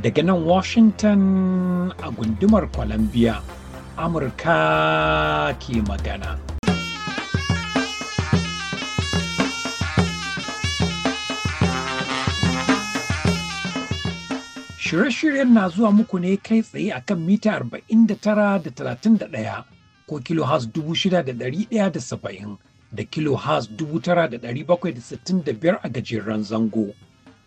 Daga nan Washington a gundumar Columbia, Amurka ke magana. Shirye-shiryen na zuwa muku ne kai tsaye a kan mita 49 da 31 ko kilo has 6,170 da da 9,765 a gajeren zango.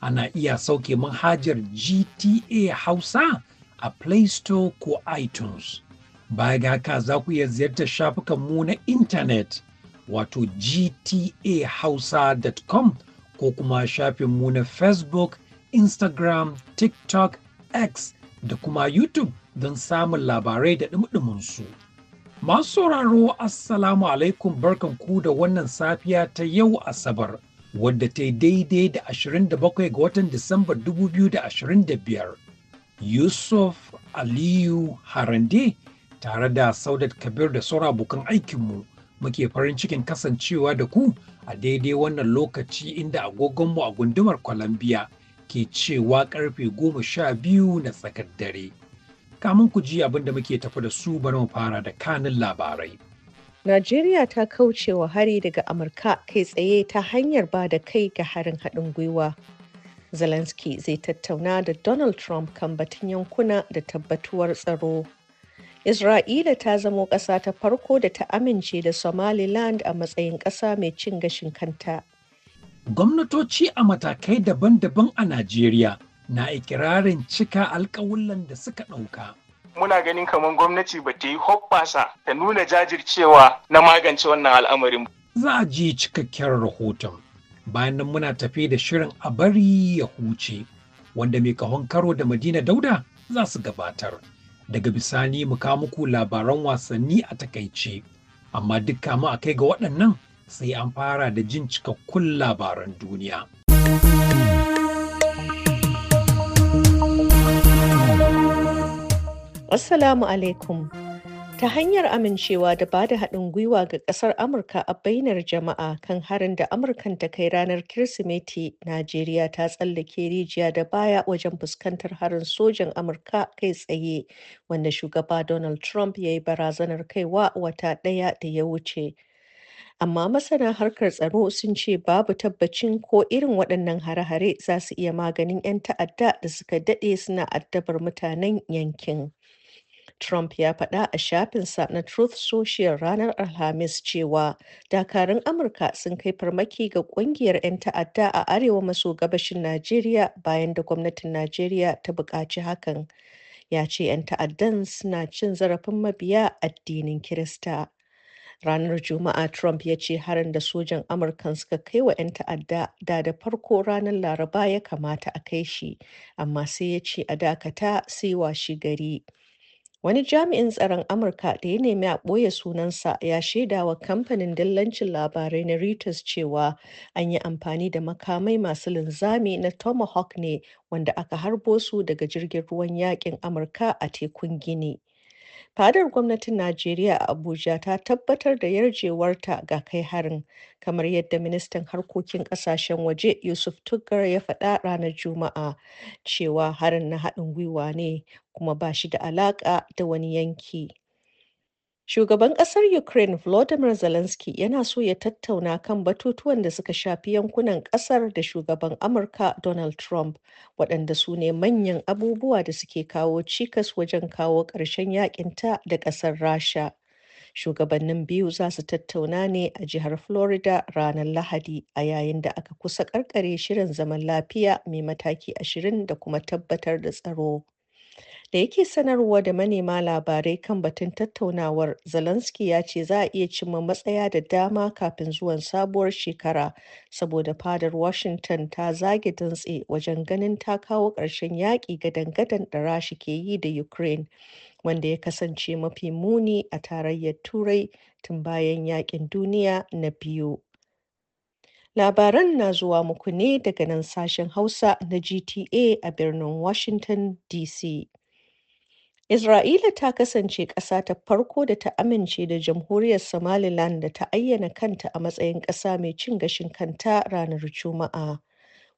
Ana iya sauke manhajar GTA Hausa a Play Store ko iTunes. Baya ga haka za ku iya ziyartar mu na intanet wato gtahausa.com ko kuma shafin mu na Facebook, Instagram, TikTok, X da kuma YouTube don samun labarai da ɗumɗuminsu. su. Masu sauraro Assalamu alaikum barkanku da wannan safiya ta yau Asabar wadda ta yi daidai da 27 ga watan Disamba 2025. Yusuf Aliyu Harande tare da Saudat Kabir da saura abokan aikinmu muke farin cikin kasancewa da ku a daidai wannan lokaci inda agogonmu a gundumar Columbia ke cewa karfe goma sha biyu na tsakar dare. Kamun ku ji abin da muke tafi da su bari mu fara da kanin labarai. Najeriya ta kauce wa hari daga Amurka kai tsaye ta hanyar ba da kai ga harin haɗin gwiwa. Zelensky zai tattauna da Donald Trump kan batun yankuna da tabbatuwar tsaro. Isra'ila ta zamo ƙasa ta farko da ta amince da Somaliland a matsayin ƙasa mai cin gashin kanta. Gwamnatoci a matakai daban-daban a Najeriya na ikirarin cika alkawulan da suka ɗauka. Muna ganin kamar gwamnati ba ta yi hoɓɓasa ta nuna jajircewa na magance wannan al'amarin. Za a ji cikakken rahoton. Bayan nan muna tafi da shirin a bari ya huce, wanda mai kahon karo da Madina Dauda za su gabatar. Daga bisani mu muku labaran wasanni a takaice. Amma duk kama a kai ga waɗannan sai an fara da jin cikakkun labaran duniya. Assalamu alaikum. Ta hanyar amincewa da ba da haɗin gwiwa ga ƙasar Amurka a bainar jama'a kan harin da Amurkan ta kai ranar Kirsimeti, Najeriya ta tsallake rijiya da baya wajen fuskantar harin sojan Amurka kai tsaye, wanda shugaba Donald Trump ya yi barazanar kaiwa wata ɗaya da ya wuce. amma masana harkar tsaro sun ce babu tabbacin ko irin waɗannan hare-hare za su iya maganin 'yan ta'adda da suka daɗe suna addabar mutanen yankin. Trump ya faɗa a shafinsa na Truth Social ranar Alhamis cewa dakarun Amurka sun kai farmaki ga ƙungiyar 'yan ta'adda a arewa maso gabashin Najeriya bayan da gwamnatin Najeriya ta buƙaci hakan. Ya ce 'yan ta'addan suna cin zarafin mabiya addinin Kirista. Ranar Juma'a Trump ya ce harin da sojan Amurkan suka kai wa 'yan ta'adda da da farko ranar Laraba ya kamata a kai shi, amma sai ya ce a dakata sai washe gari. Wani jami'in tsaron Amurka da ya nemi a ɓoye sunansa ya shaida wa kamfanin dillancin labarai na Reuters cewa an yi amfani da makamai masu linzami na Tomahawk ne wanda aka harbo su daga jirgin ruwan yaƙin Amurka a tekun Gini. Fadar gwamnatin Najeriya a Abuja ta tabbatar da yarjewarta ga kai harin, kamar yadda ministan harkokin kasashen waje Yusuf Tuggar ya faɗa ranar Juma'a cewa harin na haɗin gwiwa ne kuma ba shi da alaƙa da wani yanki. Shugaban ƙasar Ukraine Volodymyr Zelensky yana so ya tattauna kan batutuwan da suka shafi yankunan ƙasar da shugaban Amurka Donald Trump, waɗanda su ne manyan abubuwa da suke kawo cikas wajen kawo ƙarshen yaƙinta da ƙasar Rasha. Shugabannin biyu za su tattauna ne a jihar Florida ranar Lahadi a yayin da aka kusa ƙarƙare shirin zaman lafiya mai mataki ashirin da kuma tabbatar da tsaro. da yake sanarwa da manema labarai kan batun tattaunawar zelensky ya ce za a iya cimma matsaya da dama kafin zuwan sabuwar shekara saboda fadar washington ta zage dantse wajen ganin ta kawo ƙarshen yaƙi gadan-gadan da rashi ke yi da ukraine wanda ya kasance mafi muni a tarayyar turai tun bayan yaƙin duniya na biyu labaran na zuwa muku ne daga nan sashen hausa na gta a birnin washington dc Isra'ila ta kasance ƙasa ta farko da ta amince da Jamhuriyar Somaliland da ta ayyana kanta a matsayin ƙasa mai cin gashin kanta ranar Juma'a.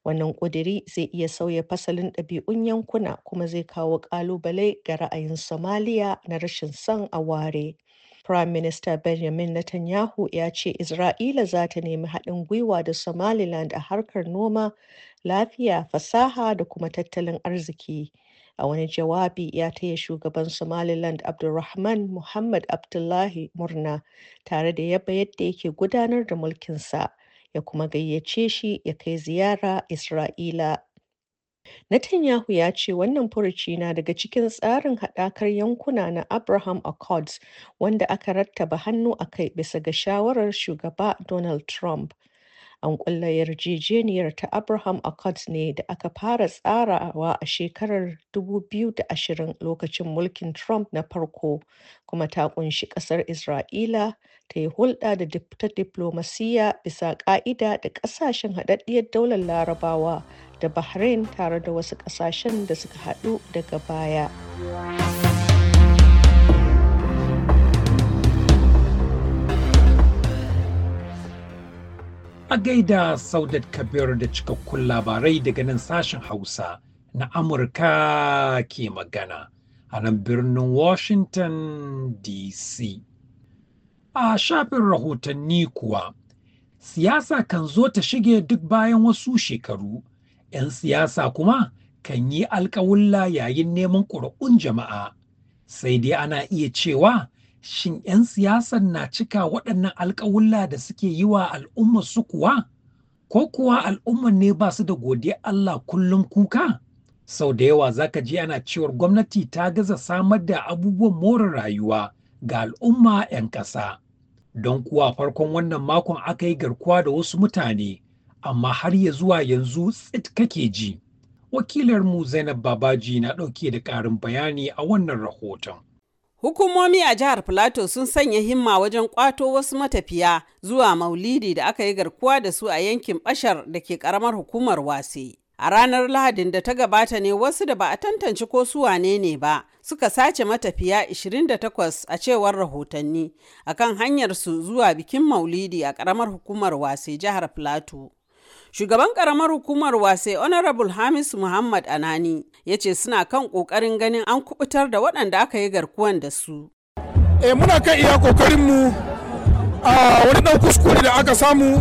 Wannan ƙudiri zai iya sauya fasalin ɗabi'un yankuna kuma zai kawo ƙalubale ga ra'ayin Somaliya na rashin son a ware. Prime Minister Benjamin Netanyahu ya ce Isra'ila za ta nemi haɗin gwiwa da Somaliland a harkar noma, lafiya, fasaha da kuma tattalin arziki. a wani jawabi ya taya shugaban somaliland abdulrahman muhammad abdullahi murna tare da yaba yadda yake gudanar da mulkinsa ya kuma gayyace shi ya kai ziyara isra'ila Netanyahu ya ce wannan furuci na daga cikin tsarin haɗakar yankuna na Abraham Accords wanda aka rattaba hannu a kai bisa ga shawarar shugaba Donald Trump An ƙulla yarjejeniyar ta Abraham Accords ne da aka fara tsarawa a shekarar 2020 lokacin mulkin Trump na farko, kuma ta kunshi ƙasar Isra'ila ta yi hulɗa da ta diflomasiyya bisa ƙa'ida da ƙasashen haɗaɗɗiyar daular Larabawa da Bahrain tare da wasu ƙasashen da suka haɗu daga baya. A gaida Saudat Kabir da cikakkun labarai daga nan sashen Hausa na Amurka ke magana a nan birnin Washington DC. A shafin rahotanni kuwa, siyasa kan zo ta shige duk bayan wasu shekaru, ‘yan siyasa kuma kan yi alkawulla yayin neman ƙuri'un jama'a, sai dai ana iya cewa shin 'yan siyasar na cika waɗannan alƙawulla da suke yi wa al'umma su kuwa? Ko kuwa al'umma ne ba su da godiya Allah kullum kuka? Sau da yawa za ka ji ana cewar gwamnati ta gaza samar da abubuwan more rayuwa ga al'umma 'yan ƙasa. Don kuwa farkon wannan makon aka yi garkuwa da wasu mutane, amma har ya zuwa yanzu tsit kake ji. Wakilarmu Zainab Babaji na ɗauke da ƙarin bayani a wannan rahoton. Hukumomi a jihar Filato sun sanya himma wajen kwato wasu matafiya zuwa maulidi da aka yi garkuwa da su a yankin bashar da ke karamar hukumar wase. A ranar Lahadin da ta gabata ne wasu da ba a tantance ko su wane ne ba suka sace matafiya 28 a cewar rahotanni akan hanyar su zuwa bikin maulidi a karamar hukumar wase jihar Filato. Shugaban karamar hukumar wase Honorable Hamis Muhammad Anani ya ce suna kan kokarin ganin an kubutar da waɗanda aka yi garkuwan da su. E, muna kan iya kokarin mu a wani ɗan kuskure da aka samu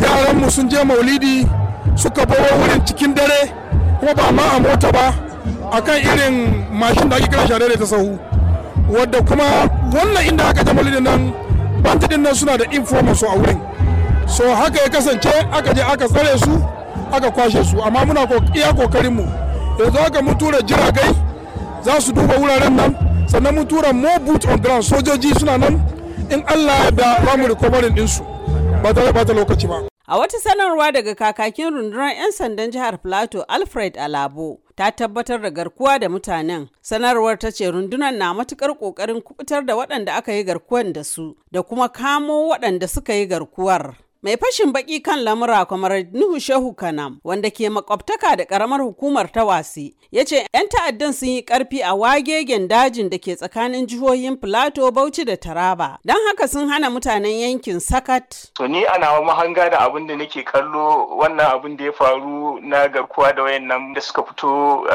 yaran yaranmu sun je maulidi suka bawa wurin cikin dare kuma ba ma a mota ba akan irin mashin da ake kira share ta sahu wadda kuma wannan inda aka je maulidi nan bantadin nan suna da informer a wurin so haka ya kasance aka je aka tsare su aka kwashe su amma muna iya kokarin mu yanzu haka mun tura jiragai za su duba wuraren nan sannan mun tura more boot on ground sojoji suna nan in allah ya da ba mu recovering ɗinsu ba tare bata lokaci ba A wata sanarwa daga kakakin rundunar 'yan sandan jihar Plateau Alfred Alabo ta tabbatar da garkuwa da mutanen. Sanarwar ta ce rundunar na matukar kokarin kubutar da waɗanda aka yi garkuwan da su da kuma kamo waɗanda suka yi garkuwar. Mai fashin baki kan lamura kamar Nuhu Shehu Kanam wanda ke makwabtaka da karamar hukumar ta wasi ya ce 'yan ta'addan sun yi karfi a wagegen dajin da ke tsakanin jihohin Filato, Bauchi da Taraba. Don haka sun hana mutanen yankin Sakat. To ni ana mahanga da abin da nake kallo wannan abin da ya faru na garkuwa da wayannan da suka fito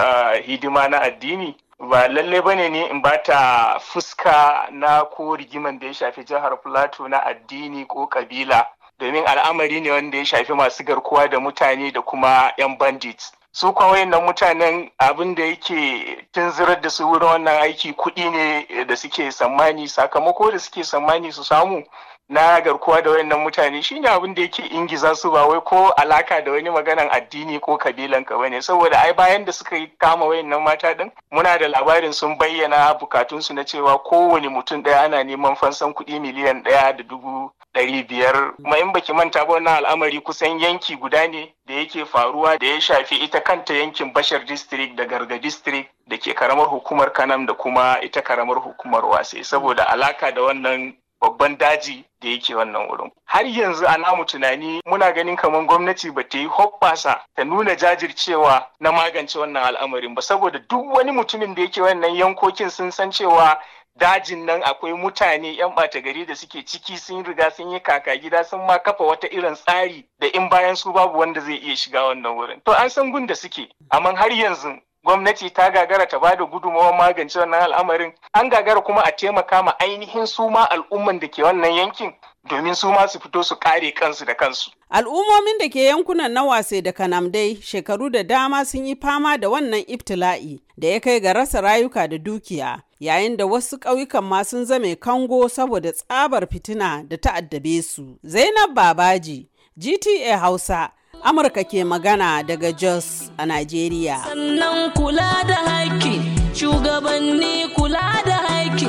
hidima na addini. ba lalle bane ne in bata fuska na ko rigiman da ya shafi jihar plateau na addini ko kabila domin al'amari ne wanda ya shafi masu garkuwa da mutane da kuma 'yan bandit su kuma nan mutanen abin da yake tunzirar da su wurin wannan aiki kuɗi ne da suke tsammani sakamako da suke tsammani su samu na garkuwa da wayannan mutane shine abin da yake ingiza su ba wai ko alaka da wani maganan addini ko kabilan ka bane saboda ai bayan da suka kama wayannan mata din muna da labarin sun bayyana bukatunsu na cewa kowane mutum ɗaya ana neman fansan kuɗi miliyan ɗaya da dubu ɗari biyar kuma in baki manta ba wannan al'amari kusan yanki guda ne da yake faruwa da ya shafi ita kanta yankin bashar district da garga district da ke karamar hukumar kanam da kuma ita karamar hukumar wasai saboda alaka da wannan babban daji da yake wannan wurin. Har yanzu a namu tunani muna ganin kamar gwamnati ba ta yi hoppasa ta nuna jajircewa na magance wannan al'amarin ba saboda duk wani mutumin da yake wannan yankokin sun san cewa dajin nan akwai mutane 'yan ɓata gari da suke ciki sun riga sun yi kaka gida sun ma kafa wata irin tsari da in bayan su babu wanda zai iya shiga wannan wurin. To an san gunda suke, amma har yanzu gwamnati ta gagara ta bada gudunmawar magance wannan al'amarin an gagara kuma a taimaka ma ainihin su ma al'umman da ke wannan yankin domin su ma su fito su kare kansu da kansu. Al'ummomin da ke yankunan na wase da kanamdai shekaru da dama sun yi fama da wannan ibtila'i da ya kai ga rasa rayuka da dukiya. yayin da wasu ƙauyukan ma sun zame kango saboda tsabar fitina da ta addabe su. Zainab Babaji, GTA Hausa, Amurka ke magana daga Jos a Najeriya. Sannan kula da haiki shugabanni kula da haiki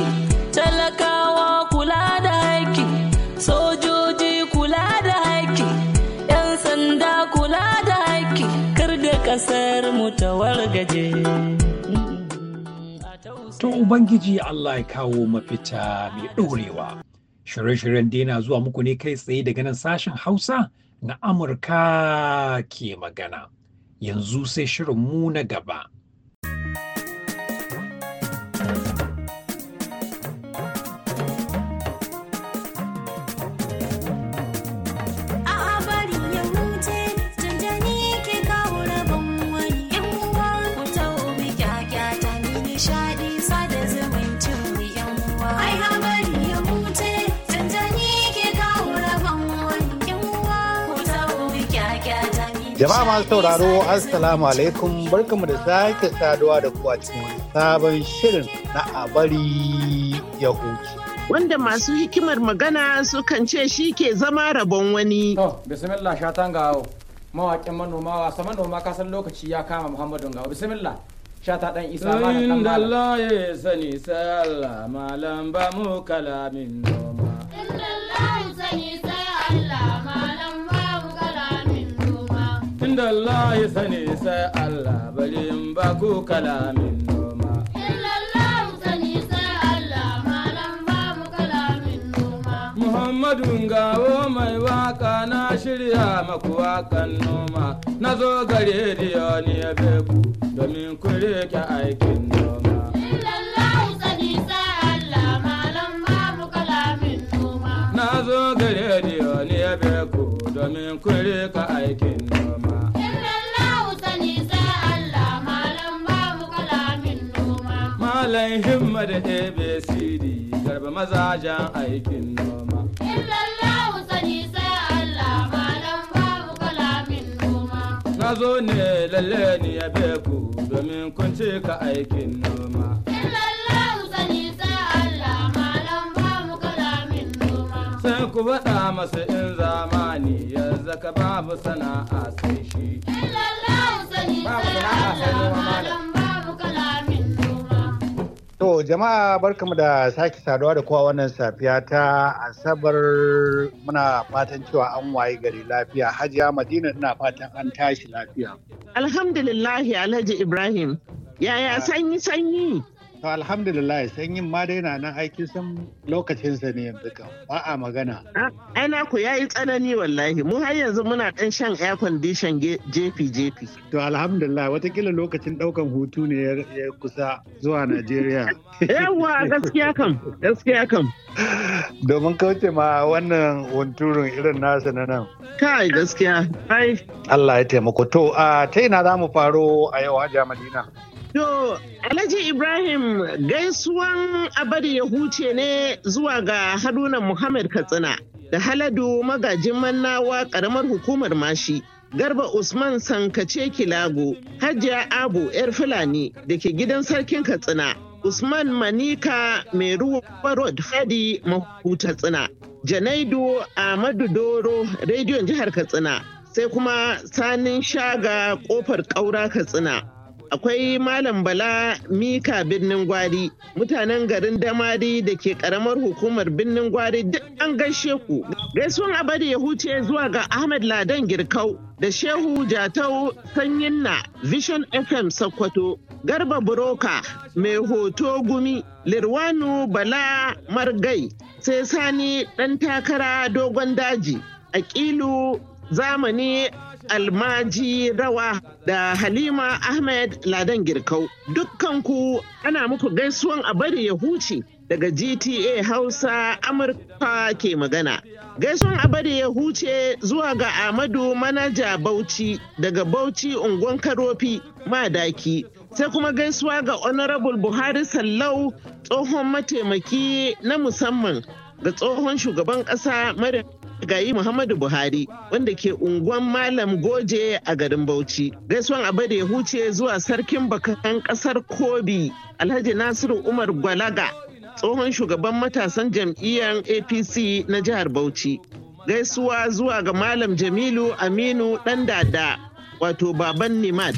talakawa kula da haiki sojoji kula da haiki 'yan sanda kula da haiki. kar da ƙasar mu ta wargaje. To Ubangiji Allah ya kawo mafita mai ɗorewa. Shirye-shiryen yana zuwa muku ne kai tsaye daga nan sashen Hausa na Amurka ke magana. Yanzu sai shirin mu na gaba. Jama'a masu sauraro, Assalamu alaikum, barkamu da sake saduwa da kuwa cikin sabon shirin na abari ya huce. Wanda masu hikimar magana sukan ce shi ke zama rabon wani. To, bismillah shatan ngawo. mawaƙin manoma wasa manoma kasan lokaci ya kama Muhammadu ngawo. bismillah. Shata ɗan isa ma ɗan malam. Allah ya sani sai Allah mu kalamin noma. da Allah ya sani sai Allah bari in ba ku kalamin noma. Muhammadu gawo mai waka na shirya maku wakan noma. Na zo gare ya beku domin ku rike aikin noma. Na zo gare ya beku domin ku rike aikin noma. mazajen aikin noma. Illallahu sani sai Allah malam babu kalamin noma. Na zo ne lalle ni ya ku domin kun cika aikin noma. Illallahu sani sai Allah malam babu kalamin noma. Sai ku faɗa masu in zamani yanzu zaka babu sana'a sai shi. Illallahu sani sai Allah malam babu To jama'a barkamu da sake saduwa da kowa wannan safiya ta asabar muna fatan cewa an waye gari lafiya hajiya madina ina fatan an tashi lafiya. Alhamdulillahi Alhaji Ibrahim yaya ah. sanyi sanyi. To alhamdulillah sanyin ma dai na nan aiki sun sa ne yanzu kan ba a magana. Ah, ai na ku yayi tsanani wallahi mu har yanzu muna dan shan air condition jefi jefi. To alhamdulillah watakila lokacin daukan hutu ne ya kusa zuwa Najeriya. Yawwa gaskiya kam gaskiya kam. Domin kauce ma wannan hunturun irin nasa na nan. Kai gaskiya. Ai. Allah ya taimako to a ta ina za mu faro a yau a Madina. To, Alhaji Ibrahim gaisuwan abadi ya huce ne zuwa ga Haruna Muhammad Katsina da Haladu magajin mannawa ƙaramar hukumar mashi. Garba Usman Sankace Kilago, Hajiya Abu 'yar Fulani da ke gidan Sarkin Katsina, Usman Manika mai ruwa Road Fadi Mahuta Tsina, Janaidu Ahmadu Doro Rediyon Jihar Katsina, sai kuma Sanin Shaga Kofar Ƙaura Katsina. akwai Malam Bala Mika birnin Gwari, mutanen garin Damari da ke karamar hukumar birnin Gwari duk an gaishe ku. Gaisuwan abari ya huce zuwa ga Ahmed Ladan Girkau da Shehu Jatau sanyin na Vision FM Sokoto, Garba Broka mai hoto gumi, Lirwanu Bala Margai, sai Sani dan takara dogon daji, ƙilu zamani almaji rawa da halima ahmed ladan girkau dukkanku ana muku gaisuwan a bari ya huce daga gta hausa amurka ke magana gaisuwan a bari ya huce zuwa ga amadu manaja bauchi daga bauchi unguwan karofi madaki sai kuma gaisuwa ga honorable buhari sallau tsohon mataimaki na musamman ga tsohon shugaban ƙasa marin gayi Muhammadu Buhari wanda ke unguwan Malam Goje a garin Bauchi. Gaisuwan abada ya huce zuwa sarkin bakan kasar Kobi Alhaji Nasiru Umar Gwalaga tsohon shugaban matasan jam'iyyar APC na jihar Bauchi. Gaisuwa zuwa ga Malam Jamilu Aminu ɗan dada wato baban Nimad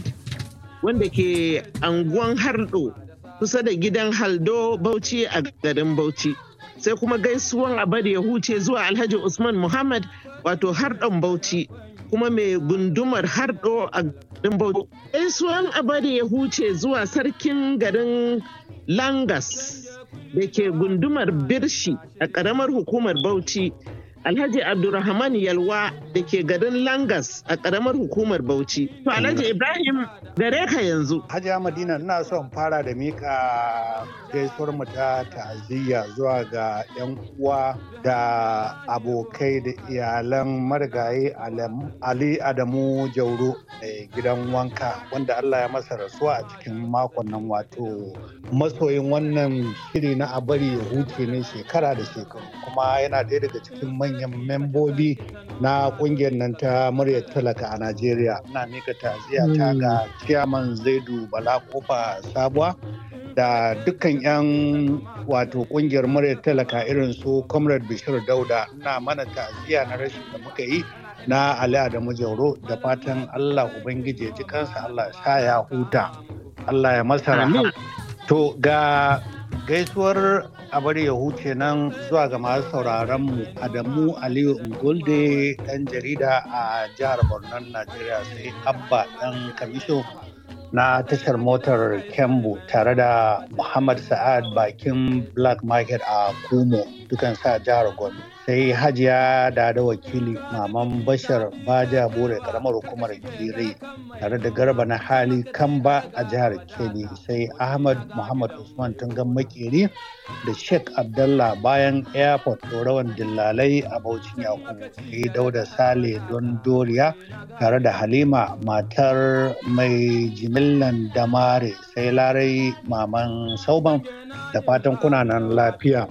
wanda ke anguwan Hardo kusa da gidan Haldo Bauchi a garin Bauchi. sai kuma gaisuwan a ya huce zuwa alhaji usman muhammad wato harɗon bauchi kuma mai gundumar harɗo a garin bauchi gaisuwan a ya huce zuwa sarkin garin langas da ke gundumar birshi a ƙaramar hukumar bauchi Alhaji Abdurrahman Yalwa da ke garin Langas a ƙaramar hukumar Bauchi. To Alhaji Ibrahim gare ka yanzu. Hajiya Madina ina son fara da mika gaisuwar mu ta ta'aziyya zuwa ga 'yan uwa da abokai da iyalan marigayi Ali Adamu Jauro mai gidan wanka wanda Allah ya masa rasuwa a cikin makon nan wato masoyin wannan shiri na abari ya huce ne shekara da shekaru kuma yana ɗaya daga cikin mai manyan membobi na kungiyar nan ta muryar talaka a najeriya ina mika taziya ta hmm. ga chairman zaidu bala kofa sabuwa da dukkan 'yan wato kungiyar muryar talaka irin su comrade bishir dauda na mana taziya na rashin da muka yi na ali adamu jauro da fatan allah ubangiji ya ji kansa allah sha ya huta allah ya masa rahama to ga gaisuwar a bari ya huce nan zuwa ga masu sauraron mu Adamu Aliyu Ngolde ɗan jarida a jihar Borno Najeriya sai Abba ɗan Kamisho na tashar motar Kembu tare da Muhammad Sa'ad bakin Black Market a Kumo Dukan sa jihar Gombe. Sai Hajiya da da Wakili Maman Bashar Baja Bore karamar hukumar Gire tare da Garba na Hali Kamba a jihar Kebbi. Sai Ahmad Muhammad Usman Tungan Makeri da Sheikh Abdullah bayan airport rawan dillalai a bauchi Yakubu. Sai Dauda Sale Don Doriya tare da Halima matar mai jimillan damare sai larai maman sauban da fatan kuna nan lafiya.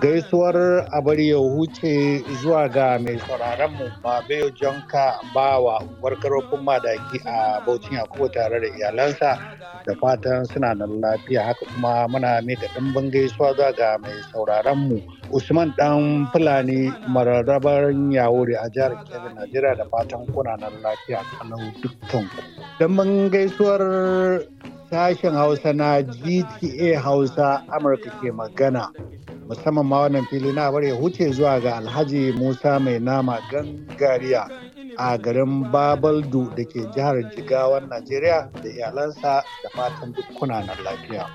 gaisuwar abar ya huce zuwa ga mai sauraron mu Babayo Jonka Bawa warkarofin madaki a Bauchin Yakubu tare da iyalansa da fatan suna nan lafiya haka kuma muna mika ɗimbin gaisuwa zuwa ga mai sauraron mu Usman dan Fulani mararrabar Yawuri a jihar Kebbi Najeriya da fatan kuna nan lafiya kalau dukkan ku. ɗimbin gaisuwar sashen Hausa na GTA Hausa Amurka ke magana musamman ma wannan fili na bar ya huce zuwa ga alhaji musa mai nama gangariya a garin babaldu da ke jihar jigawan najeriya da iyalansa da fatan duk kunanan lafiya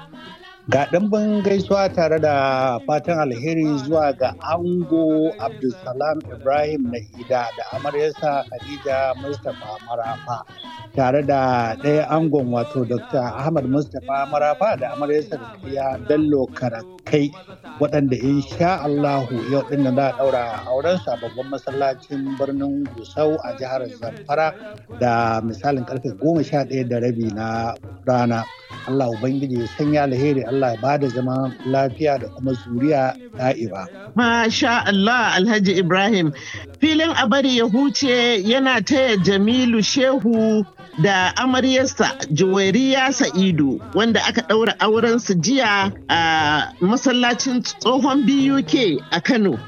Ga ɗimbin gaisuwa tare da fatan alheri zuwa ga ango Abdulsalam Ibrahim na hida da amaryarsa Khadija Mustapha Marafa. Tare da ɗaya angon wato Dr. Ahmad Mustapha Marafa da amaryarsa ya Bello Karakai waɗanda insha Allahu yau ɗin da za ɗaura auren babban masallacin birnin Gusau a jihar Zamfara da misalin karfe goma sha ɗaya da rabi na rana. Allah Ubangiji ya sanya alheri Allah ya bada zaman lafiya da kuma zuriya da'iba. Masha Allah Alhaji Ibrahim filin a bari ya huce yana taya Jamilu Shehu da amaryarsa Juwairiya Sa'idu wanda aka ɗaura aurensu jiya a masallacin tsohon BUK a Kano.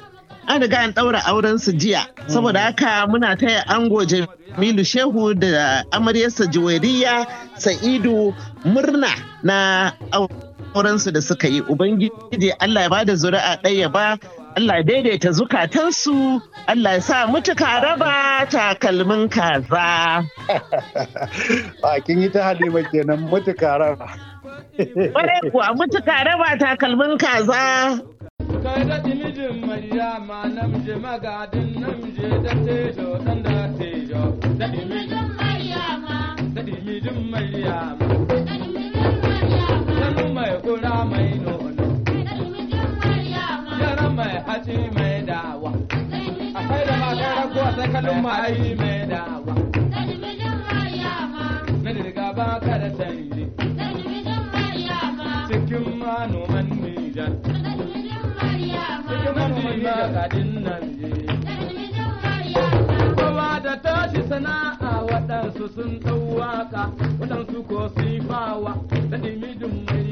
an riga an ɗaura auren su jiya saboda haka muna taya ango jamilu shehu da amaryarsa juweriya sa'idu murna na sauransu da suka yi ubangiji Allah ya bada zuri'a ɗaya ba Allah ya daidaita zukatansu Allah ya sa mutu ka raba takalmin kaza. A ah, kin yi ta halima kenan mutu ka raba. Kwarai kuwa mutu ka raba takalmin kaza. Kai da namje magadin namje da sakalin ma'ayi mai dawa. Talibijin Maryama. Na ba ka da sanyi. Talibijin Maryama. Cikin manoman Nijar. Talibijin Maryama. Cikin manoman Nijar. nan Kowa da tashi sana'a waɗansu sun ɗau waɗansu ko sifawa.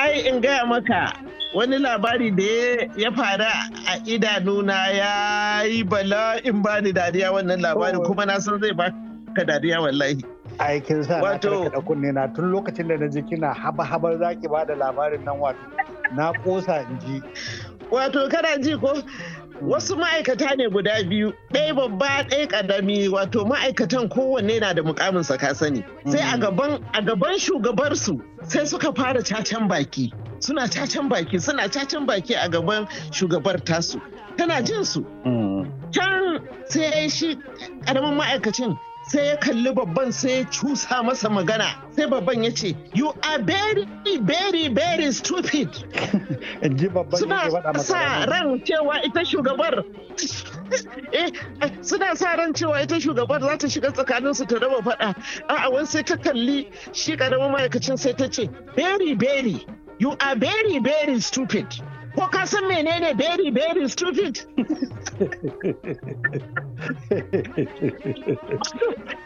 ai in gaya maka wani labari da ya fara a idanuna ya yi bala in ba ni dariya wannan labarin kuma na san zai baka dariya wallahi. Aikin sa na karkada kunne na tun lokacin da na ji kina haba-habar zaki ba da labarin nan wato na kosa in ji. Wato kana ji ko wasu ma'aikata ne guda biyu ɗaya babba ɗaya ƙadami wato ma'aikatan kowanne na da mukamin ka sani sai a mm. gaban a shugabarsu sai suka fara cacen baki suna cacen baki suna cacen baki a gaban shugabar tasu tana jin su mm. can sai shi ƙaramin ma'aikacin sai ya kalli babban sai ya cusa masa magana sai babban ya ce you are very very very stupid suna sa ran cewa ita shugabar eh, suna sa ran cewa ita shugabar za ta shiga tsakanin su ta raba fada a'a wani sai ta kalli shi karamin ma'aikacin sai ta ce very very you are very very stupid ko ka san menene beri beri stupid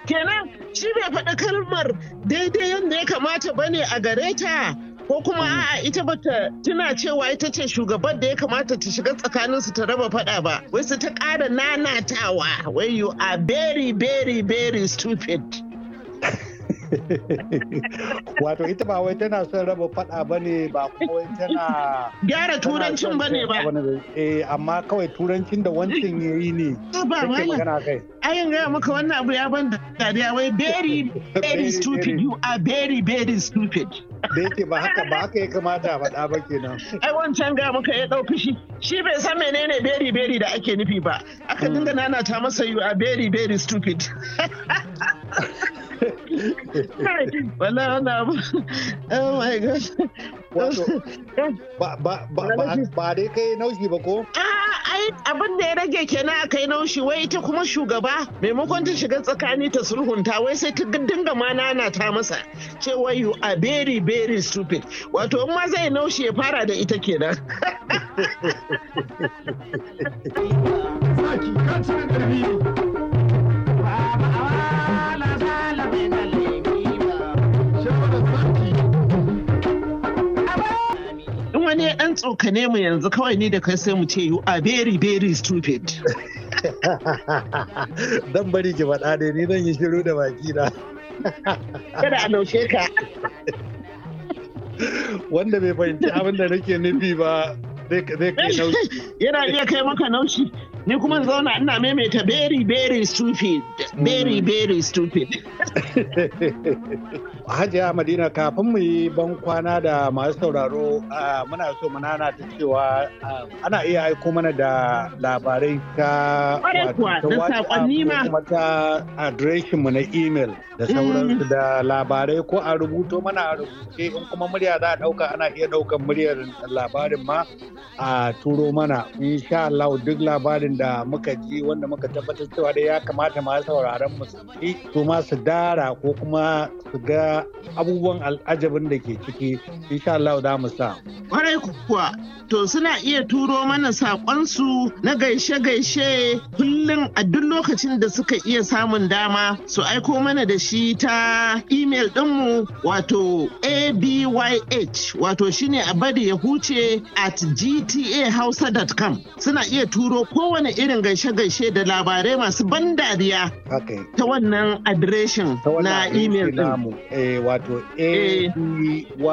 kenan shi bai faɗi kalmar daidai yadda ya kamata bane a gare ta ko kuma hmm. a'a ita bata tuna cewa ita ce shugaban da ya kamata ta shiga tsakanin su ta raba fada ba wai su ta ƙara nanatawa wai you are very very very stupid Wato ita ba wai tana son raba faɗa ba ne ba kuma wai tana... Gyara turancin ba ne ba. Eh amma kawai turancin da wancan ya yi ne. Ah, ba magana kai. Ayin gaya maka wannan abu ya ban dariya wai very very stupid you are very very stupid. Da yake ba haka ba haka ya kamata a faɗa ba kenan. Ai wancan gaya maka ya ɗau fushi. Shi bai san menene very very da ake nufi ba. Aka dinga hmm. nana ta masa you are very very stupid. wala wannan abu. Oh my gosh. Ba dai kai naushi ba ko? Ah, ai abin da ya rage kenan a kai naushi wai ita kuma shugaba maimakon ta shiga tsakani ta sulhunta wai sai ta dinga mana ta masa cewa you are very very stupid wato in ma zai naushi ya fara da ita kenan. Thank you. wani ɗan tsokane mu yanzu kawai ni da kai sai mu ce you are very very stupid. Dan bari ki faɗa ne ni zan yi shiru da baki na. Kada a naushe ka. Wanda bai fahimci abin da nake nufi ba zai kai naushi. Yana iya kai maka naushi. ni kuma zauna ina maimaita very very stupid very mm. very stupid hajiya madina kafin mu yi ban kwana da masu sauraro muna so mu nana ta cewa ana iya aiko mana da labarai ta kuma ta adireshin mu na email da mm. sauransu da labarai ko a rubuto mana a rubuce in kuma murya za a dauka ana iya daukan muryar labarin ma a turo mana insha Allah duk labarin da muka ji wanda muka tabbatar cewa da ya kamata ma sauraron mu su ma su dara ko kuma su ga abubuwan al'ajabin da ke ciki insha Allah za mu sa kwarai kuwa to suna iya turo mana su na gaishe-gaishe kullum a duk lokacin da suka iya samun dama su aiko mana da shi ta imel dinmu wato abyh wato shine a bari ya huce at gtahausa.com suna iya turo kowane mana irin gaishe-gaishe da labarai masu ban dariya ta wannan adireshin na email din. Eh, wato eh. h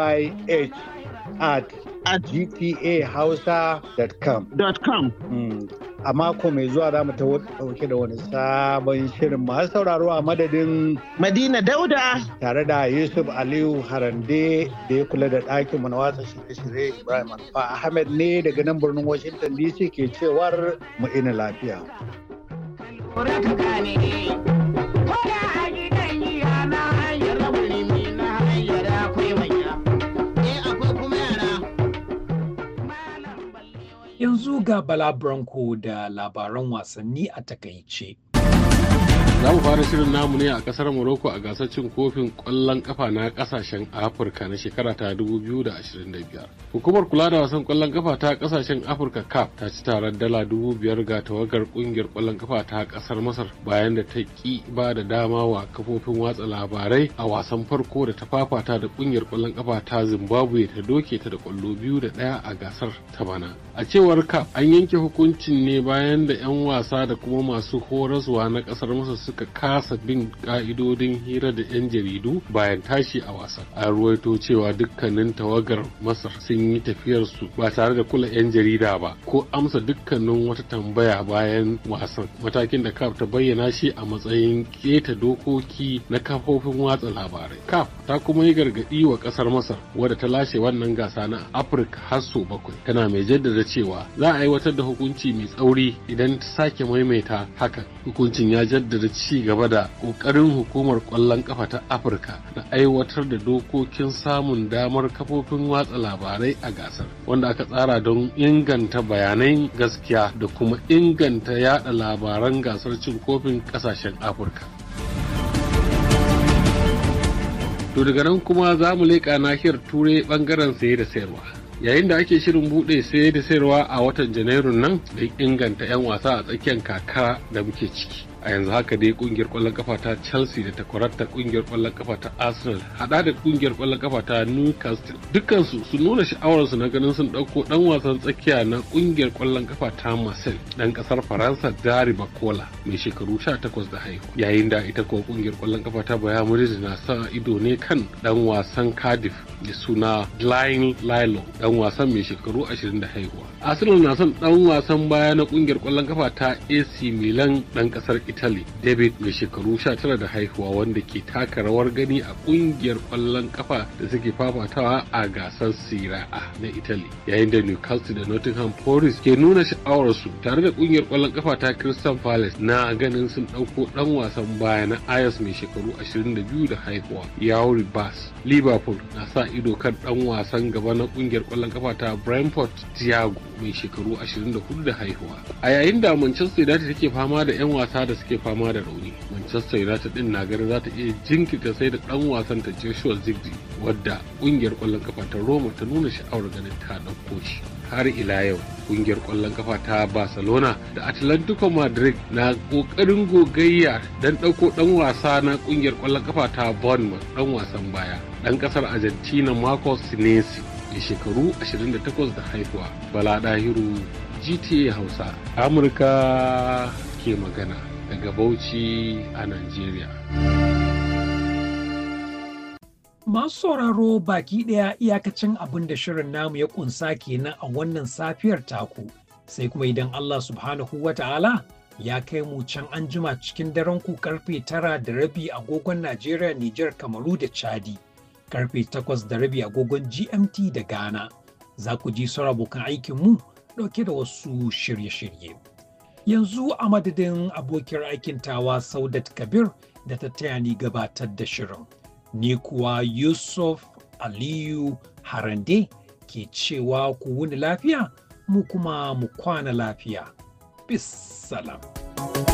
at gtahausa.com. .com. Hmm. a mako mai zuwa za mu dauke da wani sabon shirin masu sauraro a madadin madina dauda tare da yusuf aliyu harande da ya kula da ɗakin mu na watsa shirye-shirye ibrahim alfa ahmed ne daga nan birnin washington dc ke cewar mu ina lafiya. Yanzu ga Bala Branko da labaran wasanni a takaice. Za mu fara shirin namu ne a kasar Morocco a gasar cin kofin kwallon kafa na kasashen Afirka na shekara ta 2025. Hukumar kula da wasan kwallon kafa ta kasashen Afirka cap ta ci tarar dala 5,000 ga tawagar kungiyar kwallon kafa ta kasar Masar bayan da ta ki ba da dama wa kafofin watsa labarai a wasan farko da ta fafata da kungiyar kwallon kafa ta Zimbabwe ta doke ta da kwallo biyu da daya a gasar ta bana. A cewar cap an yanke hukuncin ne bayan da 'yan wasa da kuma masu horaswa na kasar Masar suka kasa bin ka'idodin hira da 'yan jaridu bayan tashi a wasan a ruwaito cewa dukkanin tawagar masar sun yi tafiyarsu ba tare da kula 'yan jarida ba ko amsa dukkanin wata tambaya bayan wasan matakin da kaf ta bayyana shi a matsayin keta dokoki na kafofin watsa labarai kaf ta kuma yi gargadi wa ƙasar masar wadda ta lashe wannan gasa na afirka har sau bakwai tana mai jaddada cewa za a aiwatar da hukunci mai tsauri idan ta sake maimaita hakan hukuncin ya jaddada ci gaba da ƙoƙarin hukumar ƙwallon ƙafa ta Afirka na aiwatar da dokokin samun damar kafofin watsa labarai a gasar wanda aka tsara don inganta bayanai gaskiya da kuma inganta yada labaran gasar cin kofin ƙasashen Afirka. To daga nan kuma za mu leƙa nahiyar turai ɓangaren saye da sayarwa. yayin da ake shirin buɗe saye da sayarwa a watan janairun nan da inganta 'yan wasa a tsakiyar kaka da muke ciki a yanzu haka dai kungiyar kwallon kafa ta chelsea da takwararta kungiyar kwallon kafa ta arsenal hada da kungiyar kwallon kafa ta newcastle dukansu su nuna sha'awarsu na ganin sun dauko dan wasan tsakiya na kungiyar kwallon kafa ta marseille dan kasar faransa dari bakola mai shekaru 18 da haihu yayin da ita kuwa kungiyar kwallon kafa ta bayan madrid na sa ido ne kan dan wasan cardiff da suna Glyn Lilo dan wasan mai shekaru 20 da haihuwa Arsenal na son dan wasan baya na kungiyar kwallon kafa ta AC Milan dan kasar italy david mai shekaru 19 da haihuwa wanda ke taka rawar gani a kungiyar kwallon kafa da suke fafatawa a gasar sira a na italy yayin da newcastle da nottingham forest ke nuna sha'awarsu tare da kungiyar kwallon kafa ta crystal palace na ganin sun ɗauko ɗan wasan baya na ayas mai shekaru 22 da haihuwa yawuri bas liverpool na sa ido kan ɗan wasan gaba na kungiyar kwallon kafa ta brentford thiago mai shekaru 24 da haihuwa a yayin da manchester united take fama da 'yan wasa da suke fama da rauni manchester united din na ganin za ta iya jinkita sai da dan wasan ta joshua zigzi wadda kungiyar kwallon kafa ta roma ta nuna sha'awar ganin ta ɗauko shi har ila yau kungiyar kwallon kafa ta barcelona da atlantico madrid na kokarin gogayya dan ɗauko ɗan wasa na kungiyar kwallon kafa ta bournemouth ɗan wasan baya ɗan ƙasar argentina marcos sinesi da shekaru 28 da haihuwa bala dahiru gta hausa amurka ke magana daga Bauchi a Najeriya. Masu sauraro baki ɗaya iyakacin abin da shirin namu ya ƙunsa kenan a wannan safiyar taku, sai kuma idan Allah subhanahu wa ta'ala ya kai mu can an jima cikin daren ku karfe tara da rabi agogon Najeriya, Nijar, Kamaru da Chadi, karfe takwas da rabi agogon GMT da Ghana. Za ku ji sauran abokan aikinmu ɗauke da wasu shirye-shirye. yanzu a madadin abokiyar aikin tawa Saudat Kabir da ta taya ni gabatar da shirin. Ni kuwa Yusuf Aliyu Harande ke cewa ku wuni lafiya, mu kuma mu kwana lafiya. Bis salam.